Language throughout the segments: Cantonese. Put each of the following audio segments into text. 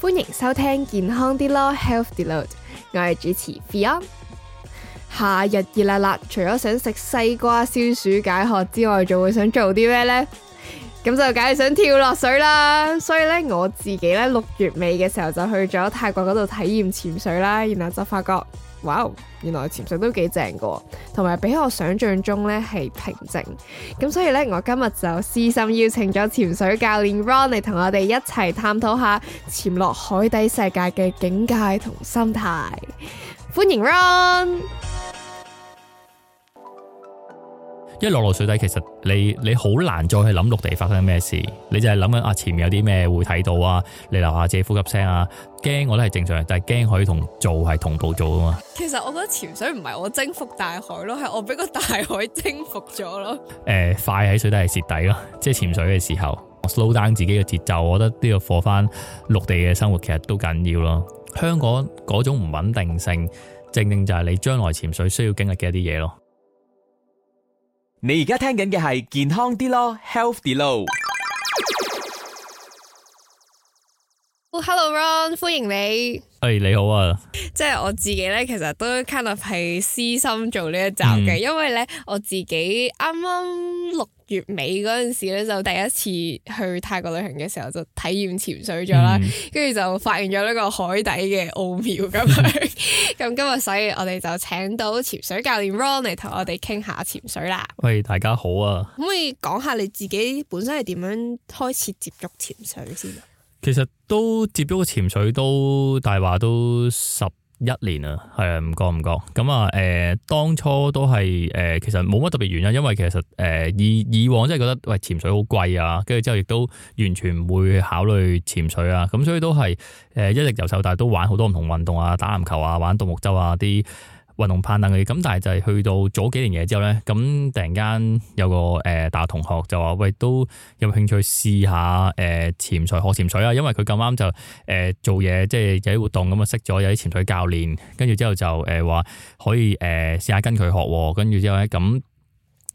歡迎收聽健康啲咯，Health Deload，我係主持 Beyond。V ion. 夏日熱辣辣，除咗想食西瓜消暑解渴之外，仲會想做啲咩呢？咁就梗係想跳落水啦。所以咧，我自己咧六月尾嘅時候就去咗泰國嗰度體驗潛水啦，然後就發覺。哇，wow，原來潛水都幾正噶，同埋比我想象中咧係平靜，咁所以咧我今日就私心邀請咗潛水教練 Ron 嚟同我哋一齊探討下潛落海底世界嘅境界同心態，歡迎 Ron。一落落水底，其實你你好難再去諗陸地發生咩事，你就係諗緊啊前面有啲咩會睇到啊，你留下自己呼吸聲啊，驚我都係正常，但係驚可以同做係同步做噶嘛。其實我覺得潛水唔係我征服大海咯，係我俾個大海征服咗咯。誒、呃，快喺水底係蝕底咯，即係潛水嘅時候，slow down 自己嘅節奏，我覺得呢個放翻陸地嘅生活其實都緊要咯。香港嗰種唔穩定性，正正就係你將來潛水需要經歷嘅一啲嘢咯。你而家聽緊嘅係健康啲咯，healthy 啲咯。好、oh,，hello Ron，歡迎你。誒，hey, 你好啊。即係我自己咧，其實都 Kind of 係私心做呢一集嘅，嗯、因為咧我自己啱啱錄。月尾嗰陣時咧，就第一次去泰國旅行嘅時候，就體驗潛水咗啦，跟住、嗯、就發現咗呢個海底嘅奧妙咁咁 今日，所以我哋就請到潛水教練 Ron 嚟同我哋傾下潛水啦。喂，大家好啊！可唔可以講下你自己本身係點樣開始接觸潛水先？其實都接觸潛水都大話都十。一年啊，係唔覺唔覺咁啊。誒、嗯，當初都係誒、嗯，其實冇乜特別原因，因為其實誒、嗯、以以往即係覺得喂潛水好貴啊，跟住之後亦都完全唔會考慮潛水啊，咁、嗯、所以都係誒、嗯、一直由細到大都玩好多唔同運動啊，打籃球啊，玩獨木舟啊啲。運動攀登嘅嘢，咁但係就係去到做咗幾年嘢之後咧，咁突然間有個誒大學同學就話喂，都有，有興趣試下誒潛水學潛水啊，因為佢咁啱就誒、呃、做嘢即係有啲活動，咁啊識咗有啲潛水教練，跟住之後就誒話、呃、可以誒試下跟佢學，跟住之後咧咁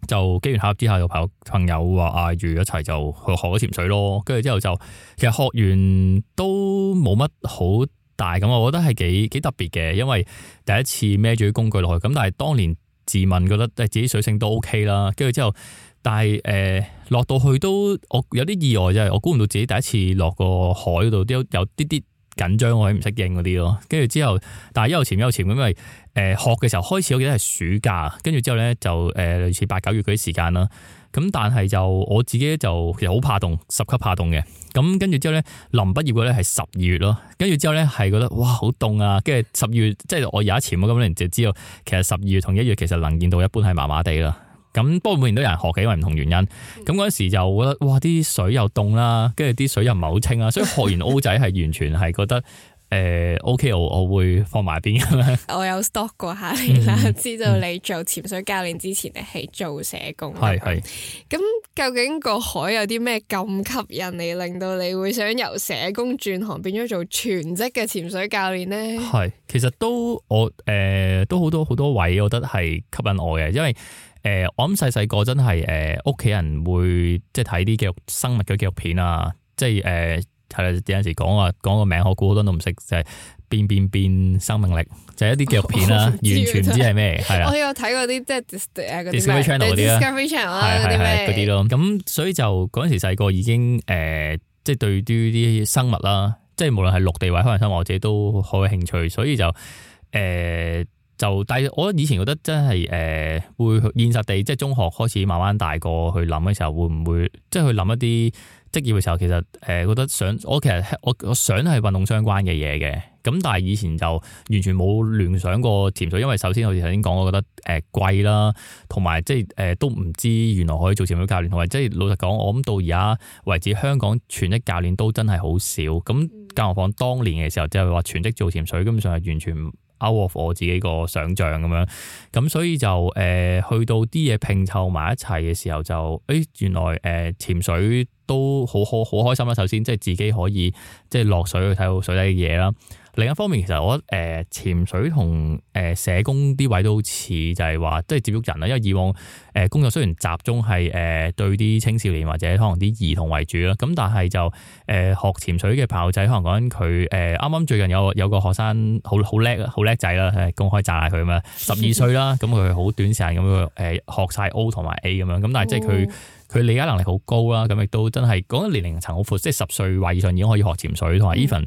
就機緣巧合之下，有朋友朋友話嗌住一齊就去學咗潛水咯，跟住之後就其實學完都冇乜好。大咁，但我覺得係幾幾特別嘅，因為第一次孭住啲工具落去，咁但係當年自問覺得自己水性都 OK 啦，跟住之後，但係誒落到去都我有啲意外，就係我估唔到自己第一次落個海嗰度都有啲啲緊張，我喺唔適應嗰啲咯，跟住之後，但係一路潛一路潛，因為誒、呃、學嘅時候開始我記得係暑假，跟住之後咧就誒、呃、類似八九月嗰啲時間啦。咁但係就我自己就其實好怕凍，十級怕凍嘅。咁跟住之後咧，臨畢業嘅咧係十二月咯。跟住之後咧，係覺得哇好凍啊！跟住十二月即係、就是、我而家潛咗咁多年，就知道，其實十二月同一月其實能見度一般係麻麻地啦。咁不過每年都有人學嘅，因為唔同原因。咁嗰陣時就覺得哇啲水又凍啦、啊，跟住啲水又唔係好清啦、啊，所以學完 O 仔係完全係覺得。 誒、呃、，OK，我我會放埋邊咁樣。我有 stalk 過下你啦，嗯、知道你做潛水教練之前你係做社工。係係、嗯。咁、嗯、究竟個海有啲咩咁吸引你，令到你會想由社工轉行變咗做全職嘅潛水教練咧？係，其實都我誒、呃，都好多好多位，我覺得係吸引我嘅。因為誒、呃，我諗細細個真係誒，屋、呃、企人會即係睇啲教生物嘅紀錄片啊，即係誒。呃係啦，有陣時講話講個名，我估好多人都唔識，就係、是、變變變生命力，就係、是、一啲紀錄片啦，哦、完全唔知係咩。係啊， 我有睇過啲即係 Discovery Channel 嗰啲啦，咯。咁所以就嗰陣時細個已經誒、呃就是，即係對於啲生物啦，即係無論係陸地或者海洋生物，我自己都好有興趣。所以就誒、呃，就但係我以前覺得真係誒、呃，會現實地即係中學開始慢慢大個去諗嘅時候，會唔會即係、就是、去諗一啲？職業嘅時候，其實誒、呃，覺得想我其實我我想係運動相關嘅嘢嘅，咁但係以前就完全冇聯想過潛水，因為首先我哋頭先講，我覺得誒貴、呃、啦，同埋即係誒都唔知原來可以做潛水教練，同埋即係老實講，我諗到而家為止，香港全職教練都真係好少，咁更何況當年嘅時候，即係話全職做潛水，根本上係完全。out of 我自己個想像咁樣，咁所以就誒、呃、去到啲嘢拼湊埋一齊嘅時候就，誒、哎、原來誒潛、呃、水都好好好開心啦！首先即係自己可以即係落水去睇到水底嘅嘢啦。另一方面，其實我覺得誒潛水同誒社工啲位都好似就係話，即係接觸人啦。因為以往誒工作雖然集中係誒對啲青少年或者可能啲兒童為主啦，咁但係就誒學潛水嘅朋友仔，可能講緊佢誒啱啱最近有有個學生好好叻好叻仔啦，公開讚佢啊嘛。十二歲啦，咁佢好短時間咁樣誒學晒 O 同埋 A 咁樣，咁但係即係佢佢理解能力好高啦，咁亦都真係講緊年齡層好闊，即係十歲以上已經可以學潛水同埋 even。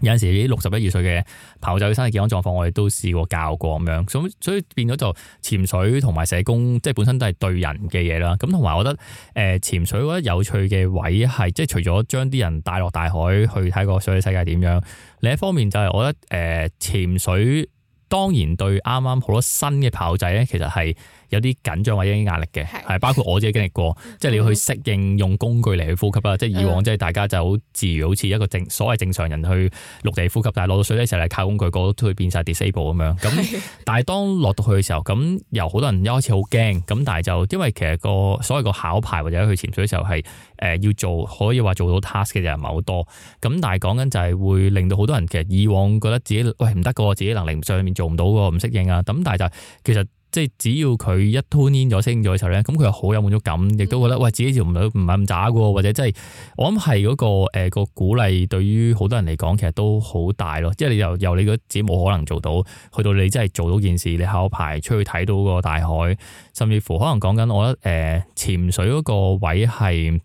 有陣時六十一二歲嘅朋友仔身體健康狀況，我哋都試過教過咁樣，咁所以變咗就潛水同埋社工，即係本身都係對人嘅嘢啦。咁同埋我覺得，誒潛水我覺得有趣嘅位係，即係除咗將啲人帶落大海去睇個水世界點樣，另一方面就係我覺得，誒潛水。當然對啱啱好多新嘅跑仔咧，其實係有啲緊張或者啲壓力嘅，係的包括我自己經歷過， 即係你要去適應用工具嚟去呼吸啦，嗯、即係以往即係大家就好自如，好似一個正所謂正常人去陸地呼吸，但係落到水咧時候係靠工具過、嗰個、都會變曬 disable 咁樣。咁但係當落到去嘅時候，咁的由好多人一開始好驚，咁但係就因為其實個所謂個考牌或者去潛水嘅時候係。誒、呃、要做可以話做到 task 嘅人唔係好多，咁但係講緊就係會令到好多人其實以往覺得自己喂唔得噶喎，自己能力上面做唔到噶喎，唔適應啊。咁但係就係、其實即係只要佢一 turn in 咗、升咗咧，咁佢又好有滿足感，亦都覺得喂自己做唔到，唔係咁渣噶喎。或者即、就、係、是、我諗係嗰個誒、呃個鼓勵對於好多人嚟講，其實都好大咯。即係你由由你覺得自己冇可能做到，去到你真係做到件事，你後排出去睇到個大海，甚至乎可能講緊我覺得誒、呃、潛水嗰個位係。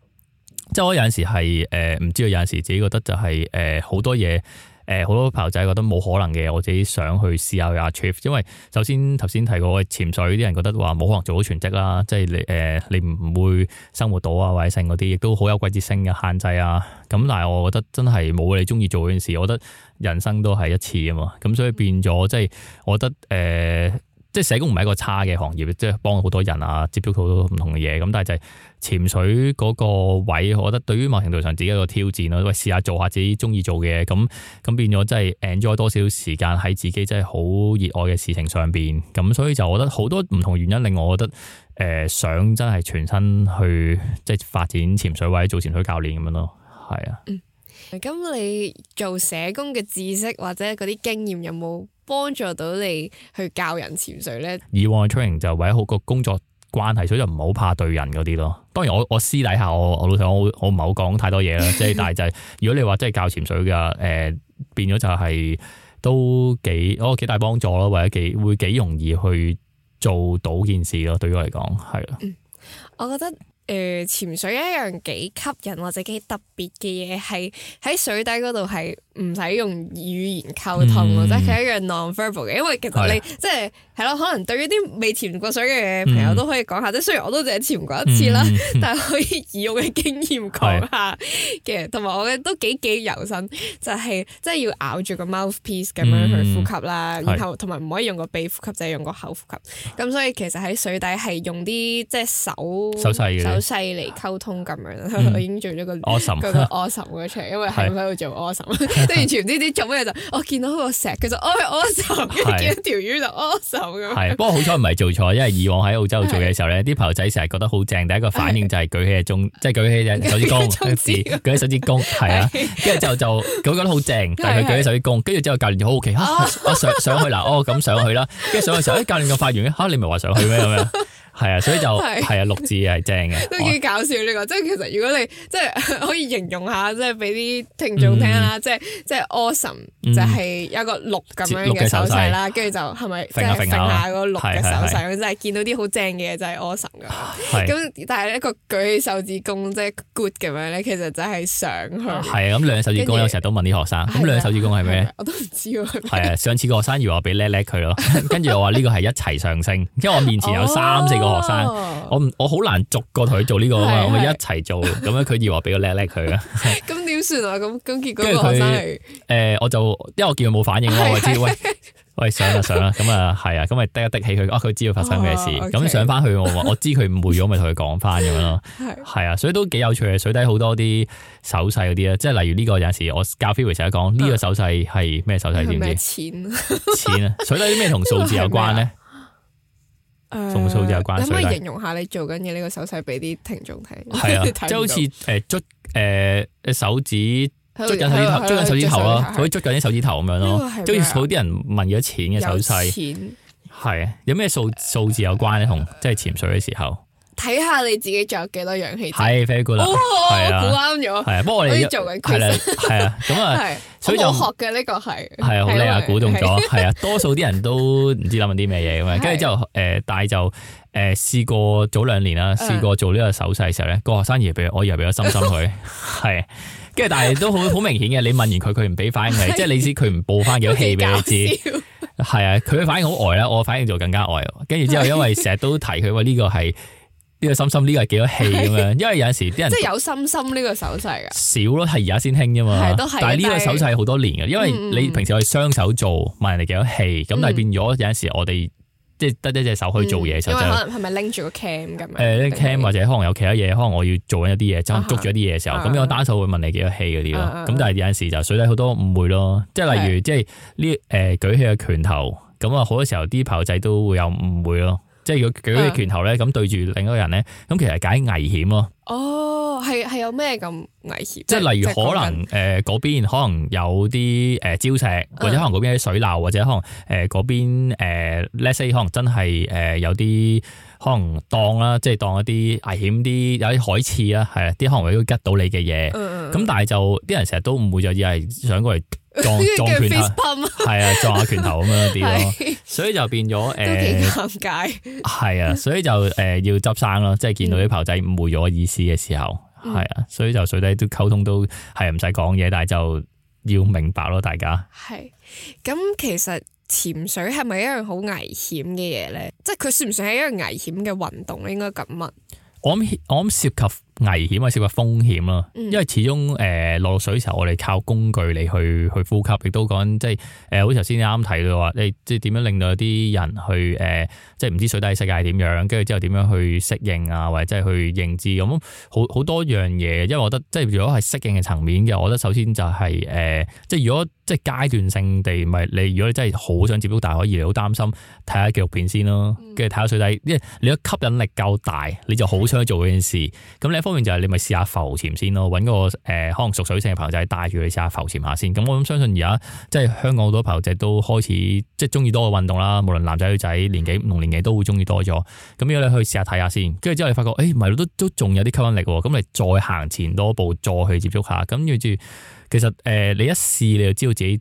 即係我有陣時係誒，唔、呃、知道，有陣時自己覺得就係、是、誒，好、呃、多嘢誒，好、呃、多朋友仔覺得冇可能嘅，我自己想去試下去 Achieve。因為首先頭先提過潛水，啲人覺得話冇可能做到全職啦，即係你誒、呃，你唔會生活到啊，或者剩嗰啲，亦都好有季節性嘅限制啊。咁但係我覺得真係冇你中意做嗰件事，我覺得人生都係一次啊嘛。咁所以變咗，即係我覺得誒。呃即係社工唔係一個差嘅行業，即係幫好多人啊，接觸好多唔同嘅嘢。咁但係就係潛水嗰個位，我覺得對於某程度上自己一個挑戰咯。喂，試下做下自己中意做嘅嘢，咁咁變咗即係 enjoy 多少時間喺自己真係好熱愛嘅事情上邊。咁所以就我覺得好多唔同原因令我覺得誒、呃、想真係全身去即係發展潛水位做潛水教練咁樣咯。係啊。嗯咁你做社工嘅知識或者嗰啲經驗有冇幫助到你去教人潛水咧？以往嘅 training 就為好個工作關係，所以就唔好怕對人嗰啲咯。當然我我私底下我我老實我唔唔係好講太多嘢啦。即係 但係就係、是、如果你話真係教潛水噶，誒、呃、變咗就係、是、都幾我、哦、幾大幫助咯，或者幾會幾容易去做到件事咯。對於我嚟講係咯，我覺得。誒，潛水一樣幾吸引或者幾特別嘅嘢，係喺水底嗰度係唔使用語言溝通，或者係佢一樣 nonverbal 嘅。因為其實你即係係咯，可能對於啲未潛過水嘅朋友都可以講下。即係雖然我都淨係潛過一次啦，但係可以以我嘅經驗講下嘅。同埋我嘅都幾記憶猶新，就係即係要咬住個 mouthpiece 咁樣去呼吸啦，然後同埋唔可以用個鼻呼吸，就係用個口呼吸。咁所以其實喺水底係用啲即係手手好細嚟溝通咁樣啦，已經做咗個個個 awesome 咗出嚟，因為喺喺度做 awesome，即係完全唔知啲做咩，就我見到個石，其實我係 awesome，見到條魚就 awesome 咁。係，不過好彩唔係做錯，因為以往喺澳洲做嘢嘅時候咧，啲朋友仔成日覺得好正，第一個反應就係舉起中即係舉起隻手指，舉起手指公，係啊，跟住之就就佢覺得好正，但佢舉起手指公，跟住之後教練就好好奇，啊，上上去嗱，我咁上去啦，跟住上去嘅時候，啲教練又發源嘅，你咪係話上去咩咁樣？係啊，所以就係啊，六字係正嘅，都幾搞笑呢個。即係其實如果你即係可以形容下，即係俾啲聽眾聽啦，即係即係 awesome，就係一個六咁樣嘅手勢啦。跟住就係咪即係剩下嗰六嘅手勢，真係見到啲好正嘅嘢就係 awesome 咁，但係一個舉起手指公即係 good 咁樣咧，其實就係上去。係啊，咁兩手指公咧，我成日都問啲學生，咁兩手指公係咩，我都唔知喎。係啊，上次學生要我俾叻叻佢咯，跟住我話呢個係一齊上升，因為我面前有三四個。學生，我我好難逐個同佢做呢個啊嘛，我一齊做，咁樣佢以為我俾個叻叻佢啊，咁點算啊？咁咁結果佢，誒，我就因為我見佢冇反應啊，我知喂，喂上啦上啦，咁啊係啊，咁咪滴一滴起佢啊，佢知道發生咩事，咁上翻去我知佢唔會咗，咪同佢講翻咁咯，係係啊，所以都幾有趣嘅，水底好多啲手勢嗰啲啊，即係例如呢個有陣時我教菲瑞成日講呢個手勢係咩手勢，知唔知？錢錢啊，水底啲咩同數字有關咧？誒，數字有關，可唔可以形容下你做緊嘅呢個手勢俾啲聽眾睇？係啊，即係好似誒，捽誒手指，捽緊手指頭，捽緊手指頭咯，可以捽緊啲手指頭咁樣咯。即好似好啲人問咗錢嘅手勢，係有咩數數字有關咧？同即係潛水嘅時候。睇下你自己仲有幾多氧氣？係飛過啦！估啱咗，係啊！不過我哋做緊 quiz 係啊咁啊，所以就學嘅呢個係係啊，好叻啊！估中咗，係啊！多數啲人都唔知諗緊啲咩嘢咁啊，跟住之後誒，但係就誒試過早兩年啦，試過做呢個手勢嘅時候咧，個學生而我以為比較心心佢係，跟住但係都好好明顯嘅，你問完佢佢唔俾反應，即係你知佢唔報翻幾多氣俾你知，係啊，佢嘅反應好呆啦，我反應就更加呆。跟住之後因為成日都提佢話呢個係。呢個心心呢個係幾多氣咁樣，因為有陣時啲人即係有心心呢個手勢嘅少咯，係而家先興啫嘛。但係呢個手勢好多年嘅，因為你平時可以雙手做問人哋幾多氣，咁但係變咗有陣時我哋即係得一隻手去做嘢時候，因為可能係咪拎住個 cam 咁誒？cam 或者可能有其他嘢，可能我要做緊一啲嘢，真捉住一啲嘢嘅時候，咁我單手會問你幾多氣嗰啲咯。咁但係有陣時就水底好多誤會咯，即係例如即係呢誒舉起個拳頭，咁啊好多時候啲朋友仔都會有誤會咯。即係佢舉起拳頭咧，咁對住另一個人咧，咁、嗯、其實解危險咯。哦，係係有咩咁危險？即係例如可能誒嗰是、呃、邊可能有啲誒礁石，或者可能嗰邊啲水流，或者可能誒嗰、呃、邊誒 Let's say 可能真係誒有啲。呃可能當啦，即係當一啲危險啲，有啲海刺啊，係啊，啲可能會都吉到你嘅嘢。咁、嗯、但係就啲人成日都誤會咗以為、是、係想過嚟撞 撞拳頭，係啊， 撞下拳頭咁樣啲咯的。所以就變咗誒，都幾尷尬。係啊，所以就誒要執生啦，即係見到啲朋友仔誤會咗意思嘅時候，係啊、嗯，所以就水底都溝通都係唔使講嘢，但係就要明白咯，大家係。咁其實潛水係咪一樣好危險嘅嘢咧？即係佢算唔算係一樣危險嘅運動咧？應該咁問。我我唔涉及。危險啊，涉及風險啦、啊，嗯、因為始終誒、呃、落水時候，我哋靠工具嚟去去呼吸，亦都講即係誒，好似頭先啱睇嘅話，你即係即係點樣令到啲人去誒、呃，即係唔知水底世界係點樣，跟住之後點樣去適應啊，或者即係去認知咁、嗯，好好多樣嘢。因為我覺得即係如果係適應嘅層面嘅，我覺得首先就係、是、誒、呃，即係如果即係階段性地，咪你如果你真係好想接觸大海，而你好擔心，睇下紀錄片先咯，跟住睇下水底，因為你嘅吸引力夠大，你就好想做嗰件事。咁你、嗯。當然就係你咪試下浮潛先咯，揾個誒可能熟水性嘅朋友仔帶住你試下浮潛下先。咁我諗相信而家即係香港好多朋友仔都開始即係中意多嘅運動啦，無論男仔女仔年紀唔同年紀都會中意多咗。咁如果你去試下睇下先，跟住之後你發覺誒，唔、哎、係都都仲有啲吸引力喎。咁你再行前多步，再去接觸下。咁跟住其實誒、呃，你一試你就知道自己。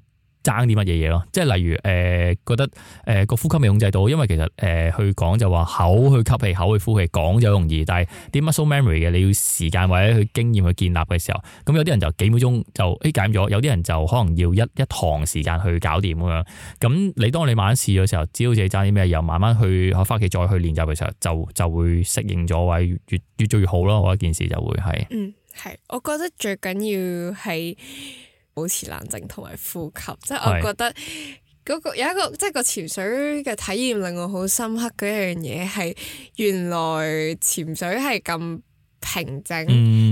爭啲乜嘢嘢咯，即係例如誒、呃，覺得誒個、呃、呼吸未控制到，因為其實誒、呃、去講就話口去吸氣，口去呼氣，講就好容易，但係啲 muscle memory 嘅，你要時間或者去經驗去建立嘅時候，咁有啲人就幾秒鐘就誒減咗，有啲人就可能要一一堂時間去搞掂咁樣。咁你當你晚試嘅時候，知道自己爭啲咩，又慢慢去返屋企，再去練習嘅時候，就就會適應咗，或越越做越好咯。我一件事就會係，係、嗯，我覺得最緊要係。保持冷靜同埋呼吸，即係我覺得嗰是個有一個即係個潛水嘅體驗令我好深刻，嗰一樣嘢係，原來潛水係咁。平靜，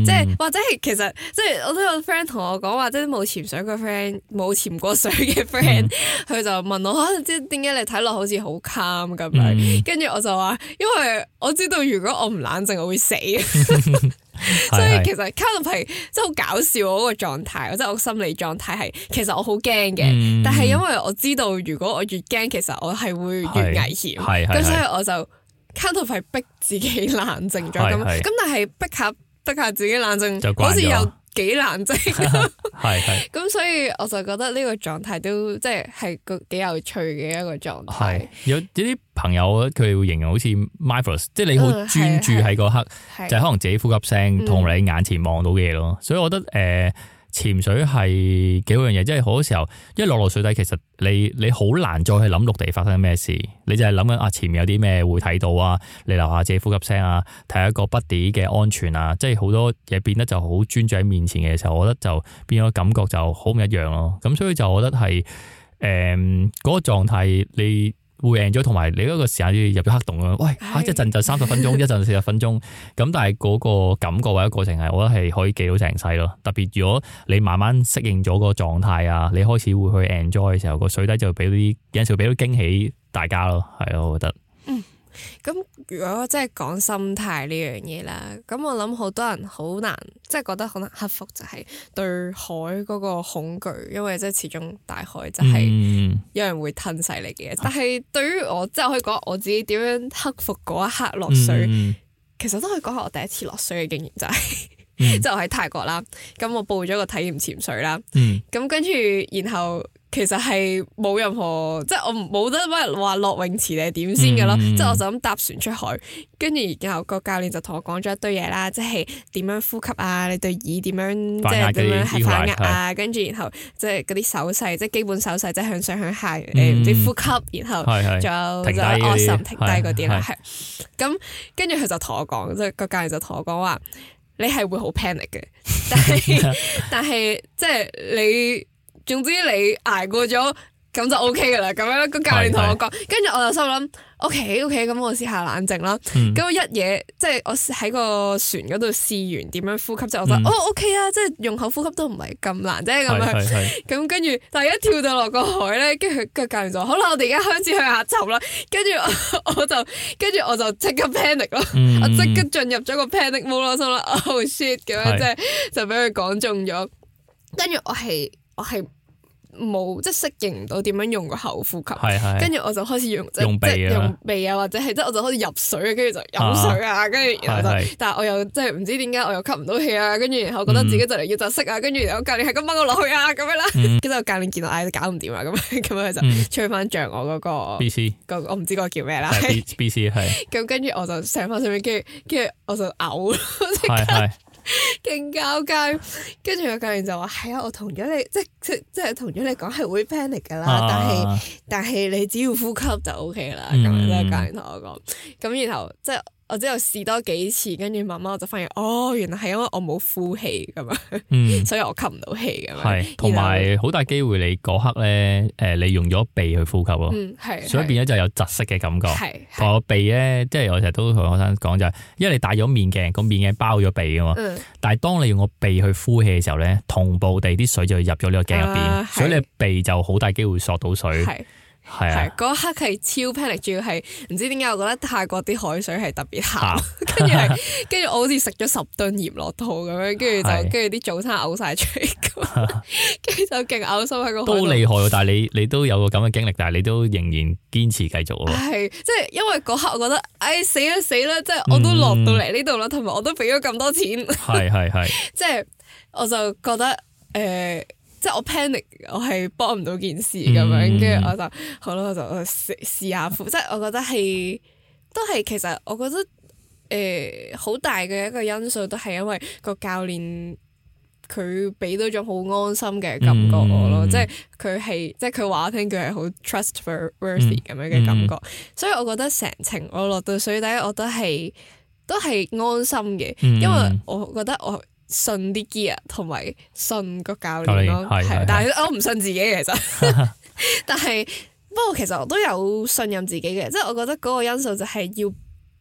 即係或者係其實，即係我都有 friend 同我講話，即係冇潛水個 friend，冇潛過水嘅 friend，佢就問我，可能即係點解你睇落好似好 calm 咁樣？跟住我就話，因為我知道如果我唔冷靜，我會死。所以其實 calm 係即係好搞笑我嗰個狀態，即係我心理狀態係，其實我好驚嘅。但係因為我知道如果我越驚，其實我係會越危險。咁所以我就。卡到係逼自己冷靜咗，咁咁但係逼下逼下自己冷靜，就好似又幾冷靜。係係， 咁是 所以我就覺得呢個狀態都即係係幾有趣嘅一個狀態。有有啲朋友佢會形容好似 mindful 即係你好專注喺嗰刻，就可能自己呼吸聲同你眼前望到嘅嘢咯。嗯、所以我覺得誒。呃潛水係幾好樣嘢，即係好多時候，一落落水底，其實你你好難再去諗陸地發生咩事，你就係諗緊啊前面有啲咩會睇到啊，你留下自己呼吸聲啊，睇下個 buddy 嘅安全啊，即係好多嘢變得就好專注喺面前嘅時候，我覺得就，就變咗感覺就好唔一樣咯。咁所以就我覺得係誒嗰個狀態你。會 enjoy 同埋你嗰個時間要入咗黑洞啊！喂，吓一陣就三十分鐘，一陣就四十分鐘，咁 但係嗰個感覺或者過程係，我覺得係可以記到成世咯。特別如果你慢慢適應咗個狀態啊，你開始會去 enjoy 嘅時候，個水底就俾啲，有陣時會俾到驚喜大家咯，係咯，我覺得。嗯，咁。如果我真係講心態呢樣嘢啦，咁我諗好多人好難，即係覺得可能克服就係對海嗰個恐懼，因為即係始終大海就係有人會吞噬你嘅。嗯、但係對於我，即係、啊、我可以講我自己點樣克服嗰一刻落水，嗯、其實都可以講下我第一次落水嘅經驗就係，就喺、是嗯、 泰國啦。咁我報咗個體驗潛水啦，咁、嗯、跟住然後。然後。其實係冇任何，即係我冇得乜話落泳池定係點先噶啦。即係我就咁搭船出海，跟住然後個教練就同我講咗一堆嘢啦，即係點樣呼吸啊，你對耳點樣，即係點樣係翻壓啊，跟住然後即係嗰啲手勢，即係基本手勢，即係向上向下，誒唔知呼吸，然後仲有就惡心停低嗰啲啦，係咁跟住佢就同我講，即係個教練就同我講話，你係會好 panic 嘅，但係但係即係你。總之你捱過咗，咁就 O K 噶啦，咁樣個教練同我講，跟住是是 我就心諗，O K O K，咁我試下冷靜啦。咁、嗯、一嘢，即、就、係、是、我喺個船嗰度試完點樣呼吸之後，我就、嗯、哦 O、OK、K 啊，即係用口呼吸都唔係咁難啫，咁樣。咁跟住，但係一跳到落個海咧，跟住個教練就話好啦，我哋而家開始去下沉啦。跟住我就跟住我就即刻 panic 咯，我即刻進入咗個 panic mode 啦，我話 Oh shit！咁樣即係就俾佢講中咗。跟住我係我係。冇即係適應唔到點樣用個口呼吸，跟住我就開始用即係用鼻啊，或者係即係我就開始入水跟住就飲水啊，跟住但係我又即係唔知點解我又吸唔到氣啊，跟住然後我覺得自己就嚟要窒息啊，跟住然後教練係咁掹我落去啊，咁樣啦，跟住教練見到唉搞唔掂啊，咁樣咁樣就吹翻脹我嗰個 BC 我唔知個叫咩啦，BC 係咁跟住我就醒翻上面，跟住跟住我就嘔，勁交界，跟住個教練就話：係啊，我同咗你，即即即係同咗你講係會 panic 噶啦，但係但係你只要呼吸就 ok 啦。咁樣即係，教練同我講，咁、嗯、然後即。我之後試多幾次，跟住慢慢我就發現，哦，原來係因為我冇呼氣咁樣， 所以我吸唔到氣咁樣。係同埋好大機會，你嗰刻咧，誒，你用咗鼻去呼吸咯，嗯、所以變咗就有窒息嘅感覺。係個鼻咧，即係我成日都同學生講就係、係，因為你戴咗面鏡，個面鏡包咗鼻噶嘛。嗯、但係當你用個鼻去呼氣嘅時候咧，同步地啲水就入咗呢個鏡入邊，啊、所以你鼻就好大機會索到水。係是啊，嗰刻係超 panic，主要係唔知點解，我覺得泰國啲海水係特別鹹，跟住係跟住我好似食咗十噸鹽落肚咁樣，跟住 就跟住啲早餐嘔晒出嚟，跟住 就勁嘔心喺度。好厲害，但係你你都有個咁嘅經歷，但係你都仍然堅持繼續咯。係，即係因為嗰刻我覺得，哎死啦、啊、死啦、啊！即係我都落到嚟呢度啦，同埋、嗯、我都俾咗咁多錢。係係係，即係我就覺得誒。呃即係我 panic，我係幫唔到件事咁樣，跟住我就好咯，我就試，試下副。即係我覺得係都係，其實我覺得誒好、呃、大嘅一個因素都係因為個教練佢俾到種好安心嘅感覺我咯、嗯，即係佢係即係佢話我聽佢係好 trustworthy 咁樣嘅感覺，嗯、所以我覺得成程我落到水底，我都係都係安心嘅，因為我覺得我。信啲 gear 同埋信個教練咯，係，但係我唔信自己其實， 但係不過其實我都有信任自己嘅，即係我覺得嗰個因素就係要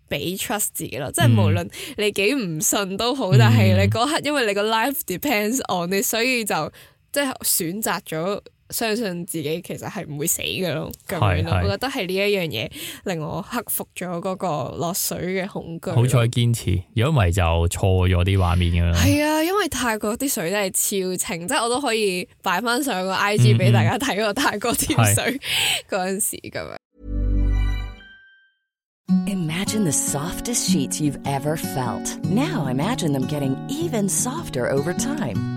俾 trust 自己咯，嗯、即係無論你幾唔信都好，但係你嗰刻因為你個 life depends on 你，所以就即係選擇咗。相信自己其實係唔會死噶咯，咁樣咯，我覺得係呢一樣嘢，令我克服咗嗰個落水嘅恐懼。好彩堅持，如果唔係就錯咗啲畫面噶啦。係啊，因為泰國啲水真係超清，即係我都可以擺翻上個 IG 俾大家睇個泰國條水嗰陣時咁樣。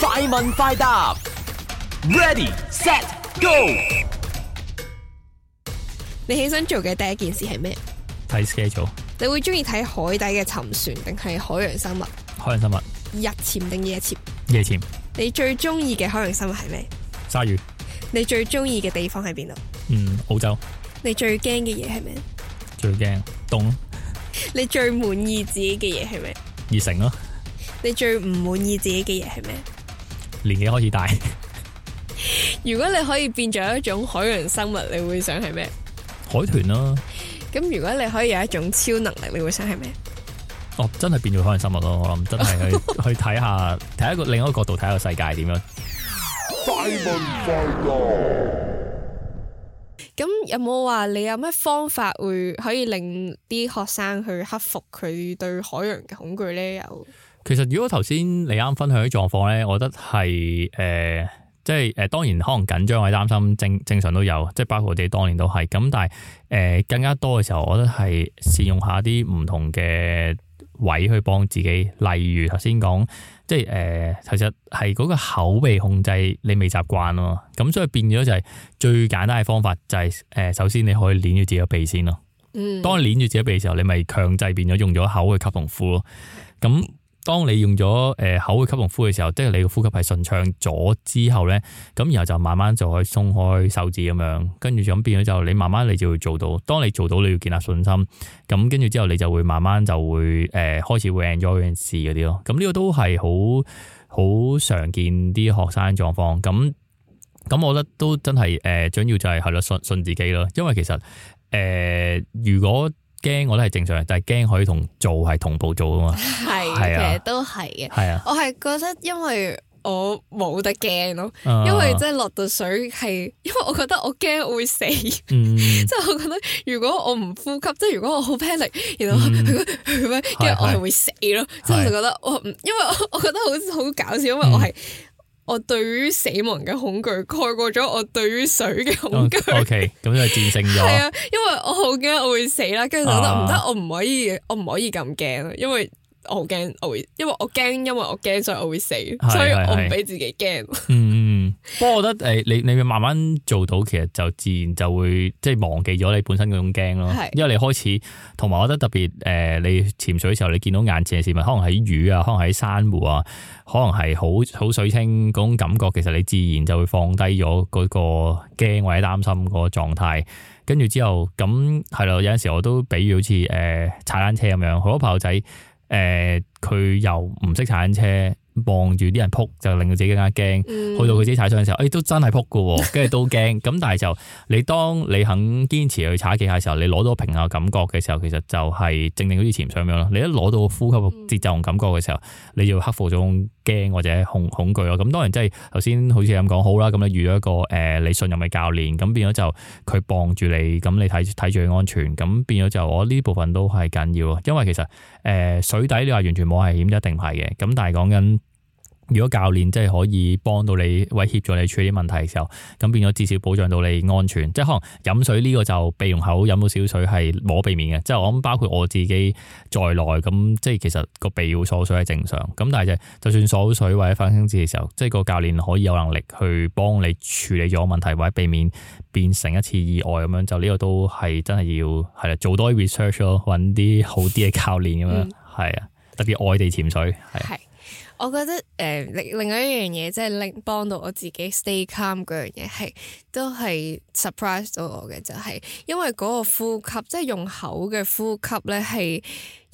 快問快答，Ready Set Go！你起身做嘅第一件事係咩？睇 schedule。你會中意睇海底嘅沉船定係海洋生物？海洋生物。日潛定夜潛？夜潛。你最中意嘅海洋生物係咩？鯊魚。你最中意嘅地方喺邊度？嗯，澳洲。你最驚嘅嘢係咩？最驚凍。你最滿意自己嘅嘢係咩？二成咯、啊。你最唔滿意自己嘅嘢係咩？年紀開始大 。如果你可以變咗一種海洋生物，你會想係咩？海豚啦、啊。咁如果你可以有一種超能力，你會想係咩？哦，真係變咗海洋生物咯，我諗真係去 去睇下，睇一個另一個角度，睇下個世界點樣。快問快答。咁有冇話你有咩方法會可以令啲學生去克服佢對海洋嘅恐懼咧？又其實如果頭先你啱分享啲狀況咧，我覺得係誒、呃，即係誒、呃，當然可能緊張或者擔心正正常都有，即係包括我哋當年都係咁，但係誒、呃、更加多嘅時候，我覺得係善用下啲唔同嘅位去幫自己，例如頭先講。即係誒、呃，其實係嗰個口鼻控制你未習慣咯，咁所以變咗就係最簡單嘅方法就係、是、誒、呃，首先你可以捏住自己鼻先咯。嗯，當捏住自己鼻嘅時候，你咪強制變咗用咗口去吸同呼咯。咁、嗯嗯當你用咗誒、呃、口去吸同呼嘅時候，即係你個呼吸係順暢咗之後咧，咁然後就慢慢就可以鬆開手指咁樣，跟住就咁變咗就你慢慢你就會做到。當你做到你要建立信心，咁跟住之後你就會慢慢就會誒、呃、開始會 enjoy 件事嗰啲咯。咁呢個都係好好常見啲學生狀況。咁咁我覺得都真係誒、呃，主要就係係啦信信自己咯。因為其實誒、呃，如果驚我都係正常，但係驚可以同做係同步做噶嘛？係是，啊、其實都係嘅。係啊，我係覺得，因為我冇得驚咯，啊、因為即係落到水係，因為我覺得我驚會死。即係、嗯、 我覺得如果我唔呼吸，即、就、係、是、如果我好 panic，然後咁樣，跟住、嗯、 我係會死咯。即係是就覺得我唔，是因為我我覺得好好搞笑，因為我係。嗯我對於死亡嘅恐懼蓋過咗我對於水嘅恐懼。OK，咁就戰勝咗。係 啊，因為我好驚我會死啦，跟住我覺得唔得，oh. 我唔可以，我唔可以咁驚咯，因為我好驚我會，因為我驚，因為我驚，所以我會死，oh. 所以我唔俾自己驚。嗯。Oh. 不過、嗯、我覺得誒、呃，你你會慢慢做到，其實就自然就會即係、就是、忘記咗你本身嗰種驚咯。因為你開始同埋，我覺得特別誒、呃，你潛水嘅時候，你見到眼前嘅事物，可能喺魚啊，可能喺珊瑚啊，可能係好好水清嗰種感覺，其實你自然就會放低咗嗰個驚或者擔心嗰個狀態。跟住之後咁係咯，有陣時我都比喻好似誒踩單車咁樣，好多朋友仔誒，佢、呃、又唔識踩單車。望住啲人撲，就令到自己更加驚，嗯、去到佢自己踩上嘅時候，誒、哎、都真係撲嘅，跟住都驚。咁 但係就你當你肯堅持去踩幾下嘅時候，你攞到平衡感覺嘅時候，其實就係正正好似潛水咁樣咯。你一攞到呼吸嘅節奏同感覺嘅時候，嗯、你要克服種。驚或者恐恐懼咯，咁當然即係頭先好似咁講，好啦，咁你遇咗一個誒、呃、你信任嘅教練，咁變咗就佢幫住你，咁你睇睇住佢安全，咁變咗就我呢部分都係緊要啊，因為其實誒、呃、水底你話完全冇危險，一定係嘅，咁但係講緊。如果教練真係可以幫到你，為協助你處理啲問題嘅時候，咁變咗至少保障到你安全。即係可能飲水呢個就鼻窿口飲到少水係無可避免嘅。即係我諗包括我自己在內，咁即係其實個鼻要鎖水係正常。咁但係就算鎖水或者發生事嘅時候，即係個教練可以有能力去幫你處理咗問題，或者避免變成一次意外咁樣。就呢個都係真係要係啦，做多啲 research 咯，揾啲好啲嘅教練咁樣。係啊、嗯，特別外地潛水係。我覺得誒、呃，另另外一樣嘢，即係令幫到我自己 stay calm 嗰樣嘢，係都係 surprise 到我嘅，就係、是、因為嗰個呼吸，即係用口嘅呼吸咧，係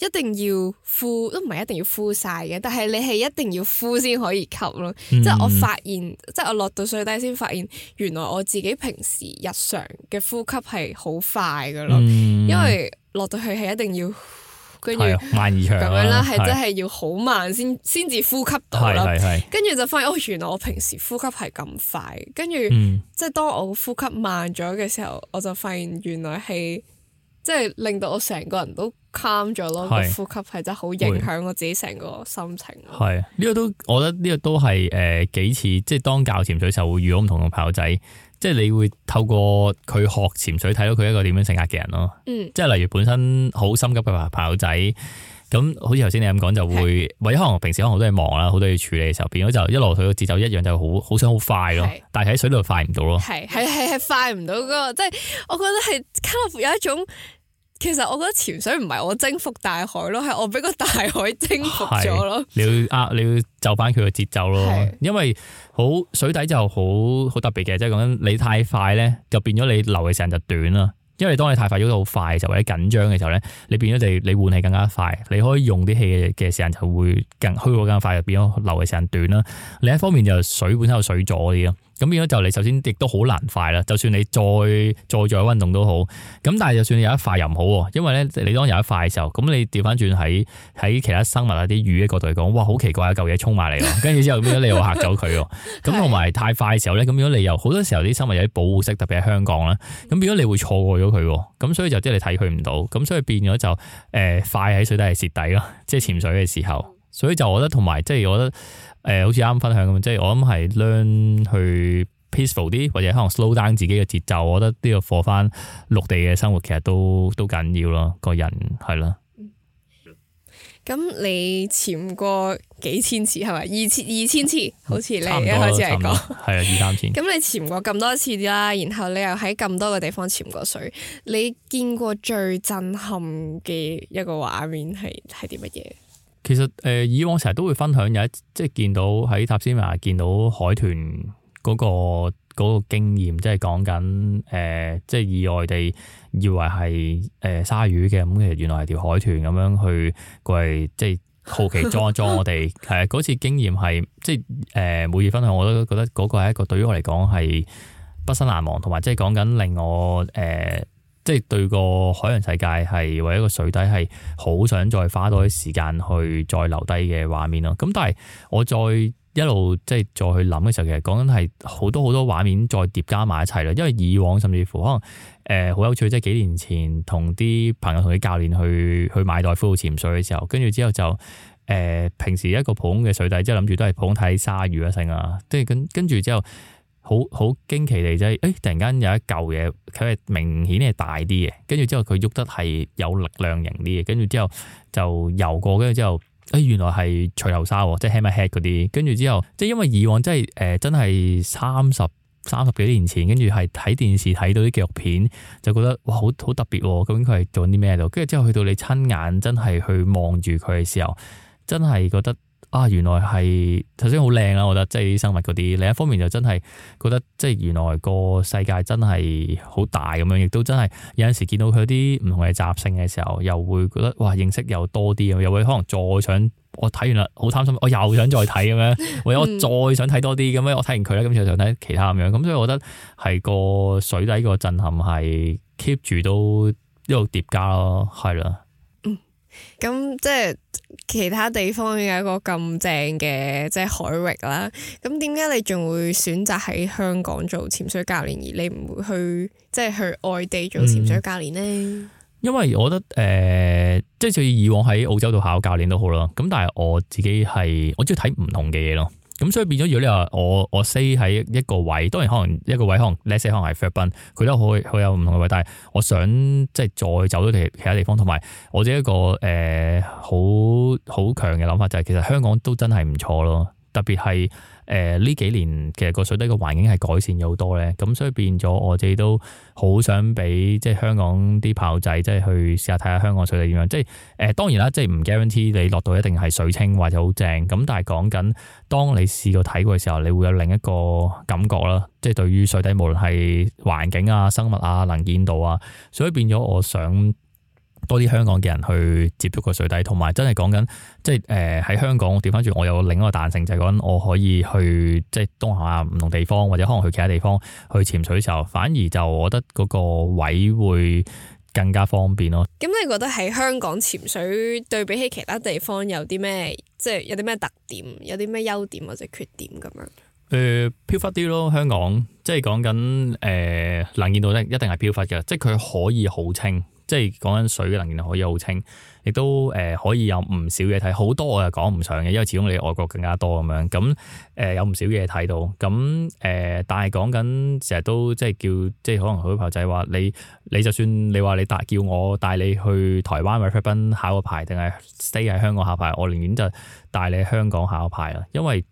一定要呼，都唔係一定要呼晒嘅，但係你係一定要呼先可以吸咯。即係、嗯、我發現，即、就、係、是、我落到水底先發現，原來我自己平時日常嘅呼吸係好快㗎咯，嗯、因為落到去係一定要。跟住慢咁樣啦，係真係要好慢先先至呼吸到啦。跟住就發現，哦，原來我平時呼吸係咁快。跟住，嗯、即係當我呼吸慢咗嘅時候，我就發現原來係即係令到我成個人都 calm 咗咯。個是呼吸係真係好影響我自己成個心情。係呢、這個都，我覺得呢個都係誒幾次即係當教潛水就會遇到唔同嘅朋友仔。即係你會透過佢學潛水睇到佢一個點樣性格嘅人咯，嗯、即係例如本身好心急嘅朋友仔，咁好似頭先你咁講就會，是的 或者可能平時可能都係忙啦，好多嘢處理嘅時候，變咗就一落水嘅節奏一樣就好，好想好快咯，是的 但係喺水度快唔到咯，係係係快唔到嗰個，即係我覺得係卡夫有一種。其實我覺得潛水唔係我征服大海咯，係我俾個大海征服咗咯。你要壓、啊，你要遷就返佢個節奏咯是、就是。因為好水底就好好特別嘅，即係講緊你太快咧，就變咗你留嘅時間就短啦。因為當你太快，快，郁得好快，就或者緊張嘅時候咧，你變咗就你換氣更加快，你可以用啲氣嘅時間就會更虛耗更快就變咗留嘅時間短啦。另一方面就水本身有水阻嗰啲咯。咁變咗就你首先亦都好難快啦，就算你再再做運動都好。咁但係就算你有一塊又唔好喎，因為咧你當有一塊嘅時候，咁你調翻轉喺喺其他生物啊啲魚嘅角度嚟講，哇好奇怪一嚿嘢衝埋嚟喎，跟住之後變咗你又嚇走佢喎。咁同埋太快嘅時候咧，咁變咗你又好多時候啲生物有啲保護色，特別喺香港啦。咁變咗你會錯過咗佢喎。咁所以就即係你睇佢唔到。咁所以變咗就誒快喺水底係蝕底咯，即係潛水嘅時候。所以就我覺得同埋即係我覺得。誒、呃，好似啱分享咁，即係我諗係 learn 去 peaceful 啲，或者可能 slow down 自己嘅節奏。我覺得呢個過翻陸地嘅生活，其實都都緊要咯。個人係啦。咁、嗯、你潛過幾千次係咪？二千二千次，好似你一開始係講，係啊，二三千。咁 你潛過咁多次啦，然後你又喺咁多個地方潛過水，你見過最震撼嘅一個畫面係係啲乜嘢？其實誒、呃，以往成日都會分享，有一即係見到喺塔斯馬 i a 見到海豚嗰，那個嗰，那個經驗，即係講緊誒，即係意外地以為係誒鯊魚嘅，咁其實原來係條海豚咁樣去，佢嚟， 即係好奇裝一裝我哋。係嗰次經驗係即係誒，每次分享我都覺得嗰個係一個對於我嚟講係畢生難忘，同埋即係講緊令我誒。呃即係對個海洋世界係或者個水底係好想再花多啲時間去再留低嘅畫面咯。咁但係我再一路即係再去諗嘅時候，其實講緊係好多好多畫面再疊加埋一齊啦。因為以往甚至乎可能誒好有趣，即係幾年前同啲朋友同啲教練去去馬代夫潛水嘅時候，跟住之後就誒、呃、平時一個普通嘅水底，即係諗住都係普通睇鯊魚啊剩啊。對，咁跟住之後。好好驚奇地就係，誒、哎，突然間有一嚿嘢，佢係明顯係大啲嘅，跟住之後佢喐得係有力量型啲嘅，跟住之後就游過，跟住之後，誒、哎，原來係鎚頭鯊啊，即係 hammerhead 嗰啲，跟住之後，即係因為以往真係，誒、呃，真係三十三十幾年前，跟住係睇電視睇到啲紀錄片，就覺得哇，好好特別，啊，究竟佢係做啲咩度？跟住之後去到你親眼真係去望住佢嘅時候，真係覺得。啊，原來係頭先好靚啦，我覺得，即係啲生物嗰啲。另一方面就真係覺得，即係原來個世界真係好大咁樣，亦都真係有陣時見到佢啲唔同嘅習性嘅時候，又會覺得哇，認識又多啲，又會可能再想我睇完啦，好貪心，我又想再睇咁樣， 或者我再想睇多啲咁樣，我睇完佢啦，咁就想睇其他咁樣。咁所以我覺得係個水底個震撼係 keep 住都一路疊加咯，係啦。咁即係其他地方有一個咁正嘅即係海域啦，咁點解你仲會選擇喺香港做潛水教練，而你唔會去即係去外地做潛水教練呢、嗯？因為我覺得誒，即係就以往喺澳洲度考教練都好啦，咁但係我自己係我中意睇唔同嘅嘢咯。咁所以變咗，如果你話我我 say 喺一個位，當然可能一個位可能 let's say 可能係菲律賓，佢都好好有唔同嘅位，但係我想即係再走到其其他地方，同埋我自己一個誒好好強嘅諗法就係、是、其實香港都真係唔錯咯，特別係。誒呢、呃、幾年其實個水底嘅環境係改善咗好多咧，咁所以變咗我自己都好想俾即係香港啲朋友仔即係去試下睇下香港水底點樣，即係誒、呃、當然啦，即係唔 guarantee 你落到一定係水清或者好正，咁但係講緊當你試過睇過嘅時候，你會有另一個感覺啦，即係對於水底無論係環境啊、生物啊、能見度啊，所以變咗我想。多啲香港嘅人去接觸個水底，同埋真係講緊，即係誒喺香港調翻轉，我有另一個彈性，就係講我可以去即係東南亞唔同地方，或者可能去其他地方去潛水嘅時候，反而就我覺得嗰個位會更加方便咯。咁你覺得喺香港潛水對比起其他地方有啲咩，即係有啲咩特點，有啲咩優點或者缺點咁樣？誒、呃，飄忽啲咯，香港即係講緊誒，能見度咧一定係飄忽嘅，即係佢可以好清。即係講緊水嘅能源可以好清，亦都誒可以有唔少嘢睇，好多我又講唔上嘅，因為始終你外國更加多咁樣，咁誒、呃、有唔少嘢睇到，咁誒、呃、但係講緊成日都即係叫即係可能許伯仔話你，你就算你話你帶叫我帶你去台灣或菲律賓考個牌，定係 stay 喺香港考牌，我寧願就帶你香港考個牌啦，因為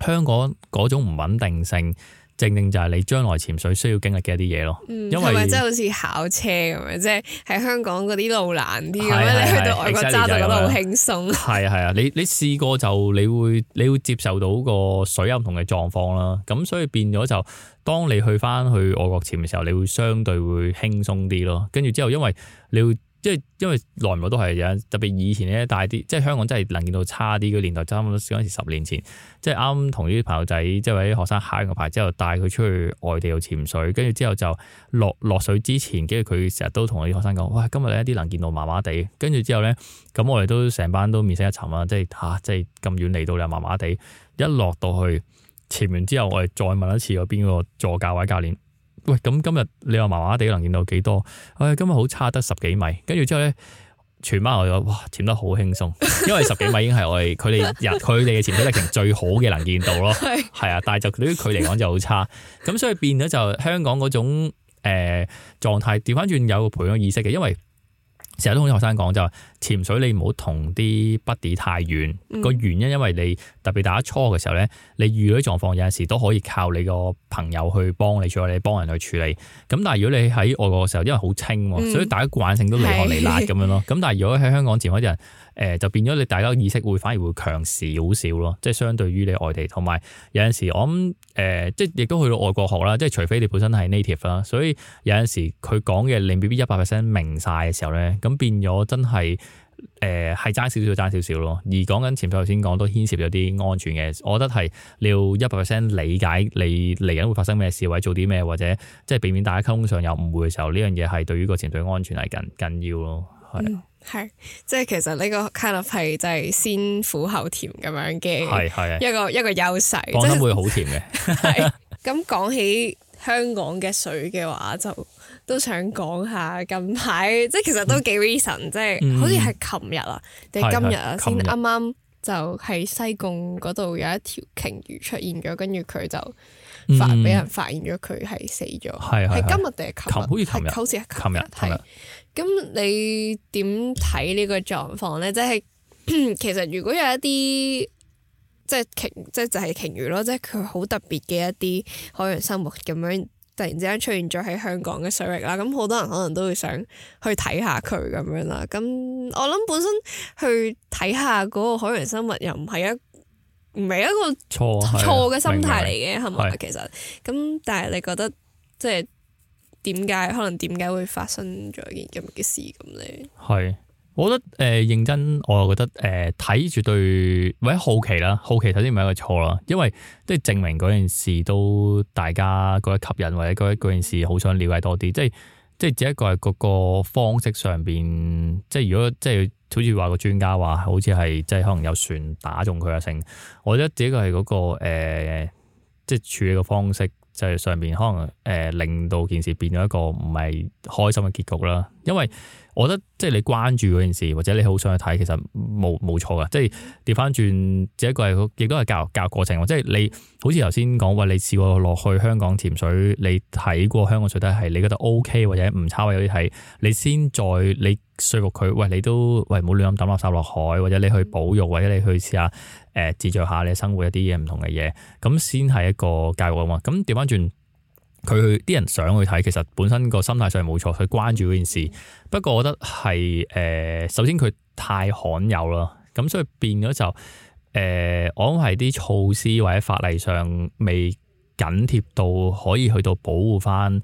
香港嗰種唔穩定性，正正就係你將來潛水需要經歷嘅一啲嘢咯，因為即係好似考車咁樣，即係喺香港嗰啲路難啲咁樣，是是是是你去到外國揸，exactly 就覺得好輕鬆。係啊係啊，你你試過就你會你會接受到個水有唔同嘅狀況啦，咁所以變咗就當你去翻去外國潛嘅時候，你會相對會輕鬆啲咯。跟住之後，因為你會。即係因為來唔來都係有，特別以前呢大啲，即係香港真係能見度差啲嘅年代，差唔多嗰陣時十年前，即係啱同啲朋友仔，即係啲學生考完個牌之後，帶佢出去外地度潛水，跟住之後就落落水之前，跟住佢成日都同我啲學生講：哇，今日呢一啲能見度麻麻地，跟住之後呢，咁我哋都成班都面色一沉啊，即係吓，即係咁遠嚟到你係麻麻地，一落到去潛完之後，我哋再問一次嗰邊個助教或者教練。喂，咁今日你話麻麻地能見到幾多？唉，今日好差，得十幾米。跟住之後咧，全班我有哇潛得好輕鬆，因為十幾米已經係我哋佢哋日佢哋嘅潛水力其程最好嘅能見度咯。係啊， 但係就對於佢嚟講就好差。咁所以變咗就香港嗰種誒狀態，調翻轉有培養意識嘅，因為。成日都同啲學生講，就係潛水你唔好同啲 buddy 太遠，個原因因為你特別打初嘅時候咧，嗯、你遇到啲狀況有陣時都可以靠你個朋友去幫你處理，幫人去處理。咁但係如果你喺外國嘅時候，因為好清，嗯、所以大家慣性都離學離辣咁樣咯。咁是但係如果喺香港潛嗰啲人，誒、呃、就變咗你大家意識會反而會強少少咯，即係相對於你外地，同埋有陣時我諗誒、呃，即係亦都去到外國學啦，即係除非你本身係 native 啦，所以有陣時佢講嘅你未必一百 percent 明晒嘅時候咧，咁變咗真係誒係爭少少，爭少少咯。而講緊潛水頭先講都牽涉咗啲安全嘅，我覺得係你要一百 percent 理解你嚟緊會發生咩事，或者做啲咩，或者即係避免大家溝通上有誤會嘅時候，呢樣嘢係對於個潛水安全係緊緊要咯。係，係、嗯，即係其實呢個 kind of 係就係先苦後甜咁樣嘅，係係一個一個優勢，講得、就是、會好甜嘅是。咁講 起香港嘅水嘅話，就都想講下近排，即係、嗯、其實都幾 recent 即係好似係琴日啊定、嗯、今日啊，先啱啱就喺西貢嗰度有一條鯨魚出現咗，跟住佢就。發俾人發現咗佢係死咗，係、嗯、今日定係琴日好似琴日。好似琴日，係。咁你點睇呢個狀況咧？即、就、係、是、 其實如果有一啲即係鯨，即係就係、是、鯨、就是、魚咯，即係佢好特別嘅一啲海洋生物樣，咁樣突然之間出現咗喺香港嘅水域啦。咁好多人可能都會想去睇下佢咁樣啦。咁我諗本身去睇下嗰個海洋生物又唔係一。唔係一個錯錯嘅心態嚟嘅，係咪？明白？係。其實咁，但係你覺得即係點解？可能點解會發生咗一件咁嘅事咁咧？係，我覺得誒、呃、認真，我又覺得誒睇住對或者好奇啦，好奇睇先唔係一個錯啦，因為即係證明嗰件事都大家覺得吸引，或者覺得嗰件事好想了解多啲，即係。即係只一個係嗰個方式上邊，即係如果即係好似話個專家話，好似係即係可能有船打中佢啊成。我覺得只一個係嗰個誒，即係處理嘅方式就係上邊可能誒、呃、令到件事變咗一個唔係開心嘅結局啦。因為我覺得即係你關注嗰件事，或者你好想去睇，其實冇冇錯嘅。即係調翻轉，呢一個係亦都係教育教育過程。即係你好似頭先講，喂，你試過落去香港潛水，你睇過香港水底係你覺得 O、OK, K 或者唔差，或者有啲睇，你先再你說服佢，喂，你喂都喂唔好亂咁抌垃圾落海，或者你去保育，或者你去試下誒、呃，自助下你生活一啲嘢，唔同嘅嘢，咁先係一個教育啊嘛。咁調翻轉。佢去啲人想去睇，其實本身個心態上係冇錯，佢關注嗰件事。嗯、不過我覺得係誒、呃、首先佢太罕有啦，咁所以變咗就誒、呃、我諗係啲措施或者法例上未緊貼到可以去到保護翻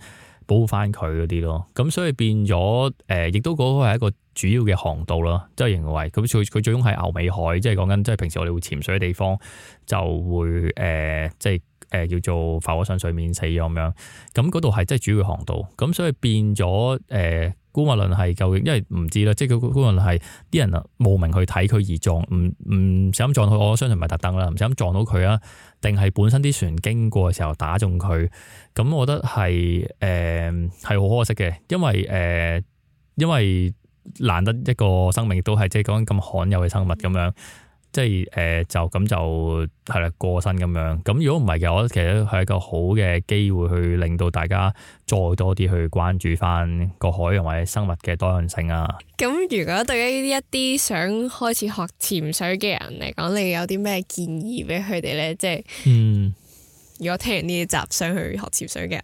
保護翻佢嗰啲咯。咁所以變咗誒亦都嗰個係一個主要嘅航道啦，即係認為咁佢佢最終係牛尾海，即係講緊，即係平時我哋會潛水嘅地方就會誒即係。呃就是誒、呃，叫做浮咗上水面死咁樣，咁嗰度係即係主要航道，咁所以變咗誒，姑勿論係究竟，因為唔知啦，即係佢姑勿論係啲人慕名去睇佢而撞，唔唔想撞佢，我相信唔係特登啦，唔想撞到佢啊，定係本身啲船經過嘅時候打中佢，咁我覺得係誒係好可惜嘅，因為誒、呃、因為難得一個生命都係即係講緊咁罕有嘅生物咁樣。即係誒、呃，就咁就係啦，過身咁樣。咁如果唔係嘅，我覺得其實係一個好嘅機會，去令到大家再多啲去關注翻個海洋或者生物嘅多樣性啊。咁如果對於一啲想開始學潛水嘅人嚟講，你有啲咩建議俾佢哋咧？即係嗯，如果聽完呢啲集想去學潛水嘅，誒、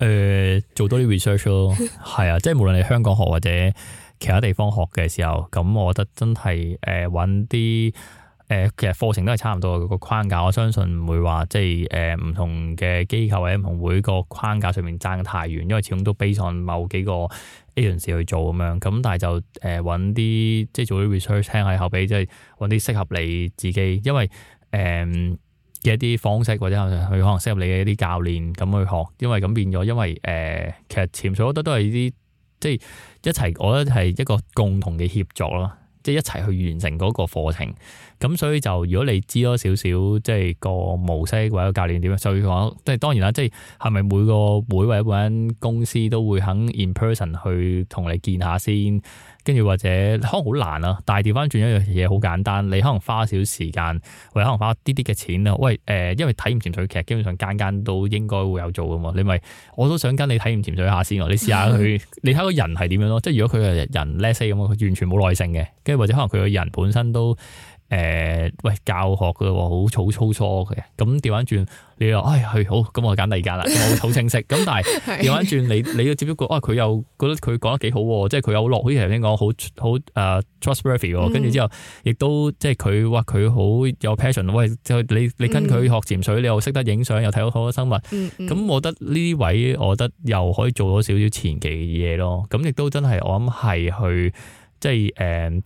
呃，做多啲 research 咯。係啊， 即係無論你香港學或者。其他地方學嘅時候，咁我覺得真係誒揾啲誒，其實課程都係差唔多，個框架。我相信唔會話即係誒唔同嘅機構或者唔同每個框架上面爭太遠，因為始終都 base on 某幾個 agency 去做咁樣。咁但係就誒揾啲即係做啲 research 聽喺後尾，即係揾啲適合你自己，因為誒嘅、呃、一啲方式或者佢可能適合你嘅一啲教練咁去學。因為咁變咗，因為誒、呃、其實潛水我覺得都係啲。即係一齊，我覺得係一個共同嘅協作咯，即係一齊去完成嗰個課程。咁所以就如果你知多少少，即係個模式或者教練點樣，所以講，即係當然啦，即係係咪每個每位一間公司都會肯 in person 去同你見下先。跟住或者可能好難啊，但係調翻轉一樣嘢好簡單，你可能花少少時間，或者可能花啲啲嘅錢啊。喂，誒、呃，因為體驗潛水劇，基本上間間都應該會有做噶嘛。你咪，我都想跟你體驗潛水下先喎。你試下佢，你睇個人係點樣咯？即係如果佢嘅人叻些咁，佢完全冇耐性嘅。跟住或者可能佢個人本身都。誒、呃，喂，教學嘅喎，好粗粗疏嘅。咁調翻轉，你又唉，去好，咁我揀第二間啦，我好 清晰。咁但係調翻轉，你你只不過，哇，佢又覺得佢講得幾好，即係佢又好落，好似人哋講，好好誒 trustworthy、嗯。跟住之後，亦都即係佢，哇，佢好有 passion。喂，你你跟佢學潛水，嗯、你又識得影相，又睇到好多生物。咁、嗯嗯、我覺得呢位，我覺得又可以做咗少少前期嘅嘢咯。咁亦都真係，我諗係去，即係誒。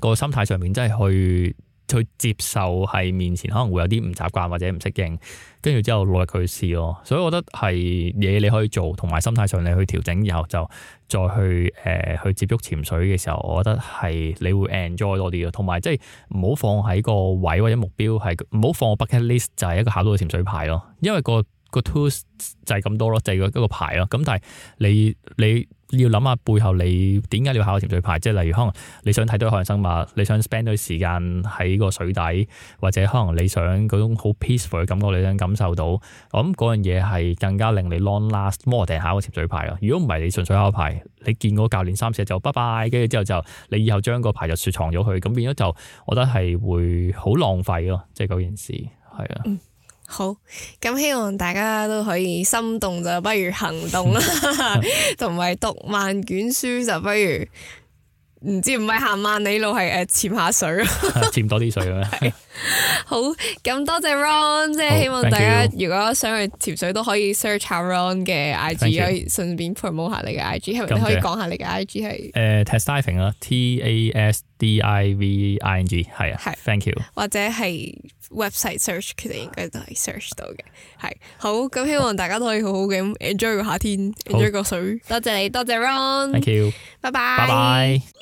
個心態上面真係去去接受係面前可能會有啲唔習慣或者唔適應，跟住之後落力去試咯。所以我覺得係嘢你可以做，同埋心態上你去調整，然後就再去誒、呃、去接觸潛水嘅時候，我覺得係你會 enjoy 多啲咯。同埋即係唔好放喺個位或者目標係唔好放我 bucket list 就係一個考到嘅潛水牌咯。因為、嗰個、嗰個 tools 就係咁多咯，就係、係、嗰一個牌咯。咁但係你你。你要諗下背後你點解你要考個潛水牌，即係例如可能你想睇到海洋生物，你想 spend 好時間喺個水底，或者可能你想嗰種好 peaceful 嘅感覺你想感受到，我諗嗰樣嘢係更加令你 long last more 去考個潛水牌咯。如果唔係你純粹考個牌，你見嗰個教練三四日就拜拜，跟住之後就你以後將個牌就雪藏咗去，咁變咗就我覺得係會好浪費咯，即係嗰件事係啊。好，咁希望大家都可以心動，就不如行動啦，同埋 讀萬卷書，就不如。唔知唔係行萬里路，係誒潛下水咯，潛多啲水咯。好，咁多謝 Ron，即係希望大家如果想去潛水都可以 search 下 Ron 嘅 IG，可以順便 promote 下你嘅 IG，係咪你可以講下你嘅 IG 係誒 Tas Diving 啊，T A S D I V I N G 係啊，係 thank you，或者係 website search 其實應該都係 search 到嘅，係。好，咁希望大家都可以好好咁 enjoy 個夏天，enjoy 個水，多謝你，多謝 Ron，thank you，拜拜，拜拜。